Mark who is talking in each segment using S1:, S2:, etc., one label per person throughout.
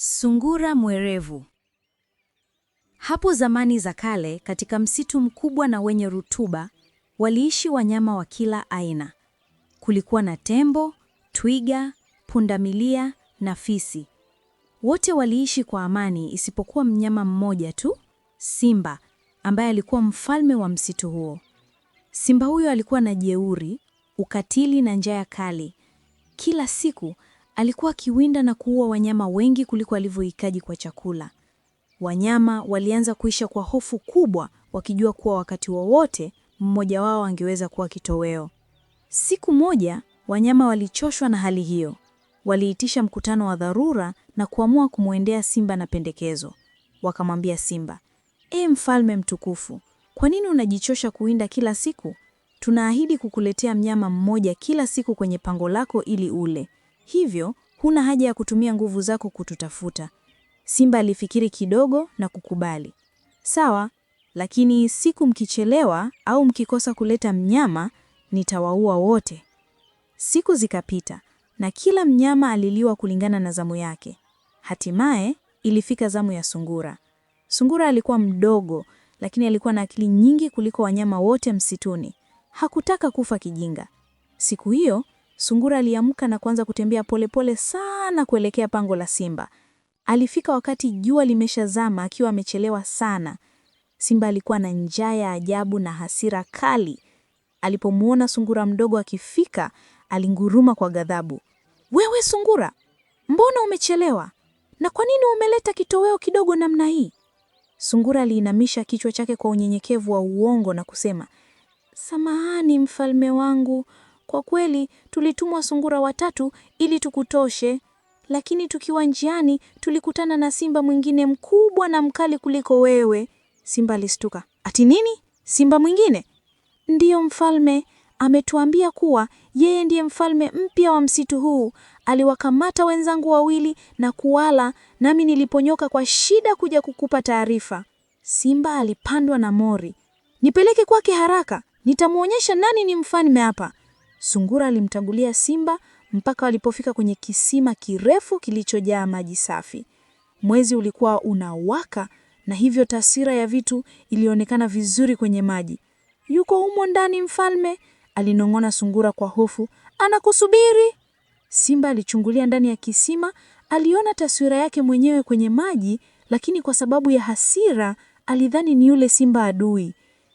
S1: Sungura mwerevu. Hapo zamani za kale, katika msitu mkubwa na wenye rutuba, waliishi wanyama wa kila aina. Kulikuwa na tembo, twiga, pundamilia na fisi. Wote waliishi kwa amani isipokuwa mnyama mmoja tu, simba, ambaye alikuwa mfalme wa msitu huo. Simba huyo alikuwa na jeuri, ukatili na njaa kali. Kila siku alikuwa akiwinda na kuua wanyama wengi kuliko alivyohitaji kwa chakula. Wanyama walianza kuisha kwa hofu kubwa, wakijua kuwa wakati wowote wa mmoja wao angeweza kuwa kitoweo. Siku moja, wanyama walichoshwa na hali hiyo. Waliitisha mkutano wa dharura na kuamua kumwendea Simba na pendekezo. Wakamwambia Simba, e mfalme mtukufu, kwa nini unajichosha kuwinda kila siku? Tunaahidi kukuletea mnyama mmoja kila siku kwenye pango lako ili ule hivyo huna haja ya kutumia nguvu zako kututafuta. Simba alifikiri kidogo na kukubali. Sawa, lakini siku mkichelewa au mkikosa kuleta mnyama, nitawaua wote. Siku zikapita na kila mnyama aliliwa kulingana na zamu yake. Hatimaye ilifika zamu ya sungura. Sungura alikuwa mdogo, lakini alikuwa na akili nyingi kuliko wanyama wote msituni. Hakutaka kufa kijinga. Siku hiyo Sungura aliamka na kuanza kutembea polepole pole sana kuelekea pango la Simba. Alifika wakati jua limeshazama akiwa amechelewa sana. Simba alikuwa na njaa ya ajabu na hasira kali. Alipomwona sungura mdogo akifika, alinguruma kwa ghadhabu. Wewe sungura, mbona umechelewa? Na kwa nini umeleta kitoweo kidogo namna hii? Sungura aliinamisha kichwa chake kwa unyenyekevu wa uongo na kusema,
S2: Samahani mfalme wangu, kwa kweli tulitumwa sungura watatu ili tukutoshe, lakini tukiwa njiani tulikutana na simba mwingine mkubwa na mkali kuliko wewe.
S1: Simba alistuka. Ati nini? Simba mwingine?
S2: Ndiyo mfalme, ametuambia kuwa yeye ndiye mfalme mpya wa msitu huu. Aliwakamata wenzangu wawili na kuwala, nami niliponyoka kwa shida kuja kukupa taarifa.
S1: Simba alipandwa na mori. Nipeleke kwake haraka, nitamwonyesha nani ni mfalme hapa. Sungura alimtangulia Simba mpaka walipofika kwenye kisima kirefu kilichojaa maji safi. Mwezi ulikuwa unawaka na hivyo taswira ya vitu ilionekana vizuri kwenye maji. Yuko humo ndani mfalme, alinong'ona Sungura kwa hofu, anakusubiri. Simba alichungulia ndani ya kisima, aliona taswira yake mwenyewe kwenye maji, lakini kwa sababu ya hasira alidhani ni yule simba adui.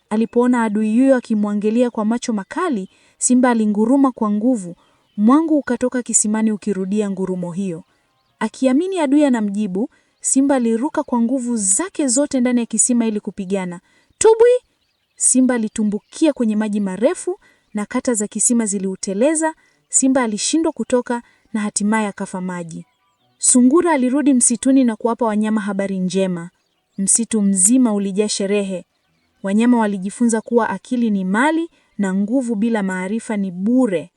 S1: Alipoona adui huyo akimwangalia kwa macho makali, Simba alinguruma kwa nguvu, mwangu ukatoka kisimani ukirudia ngurumo hiyo. Akiamini adui anamjibu, simba aliruka kwa nguvu zake zote ndani ya kisima ili kupigana. Tubwi! Simba alitumbukia kwenye maji marefu na kata za kisima ziliuteleza. Simba alishindwa kutoka na hatimaye akafa maji. Sungura alirudi msituni na kuwapa wanyama habari njema. Msitu mzima ulijaa sherehe. Wanyama walijifunza kuwa akili ni mali na nguvu bila maarifa ni bure.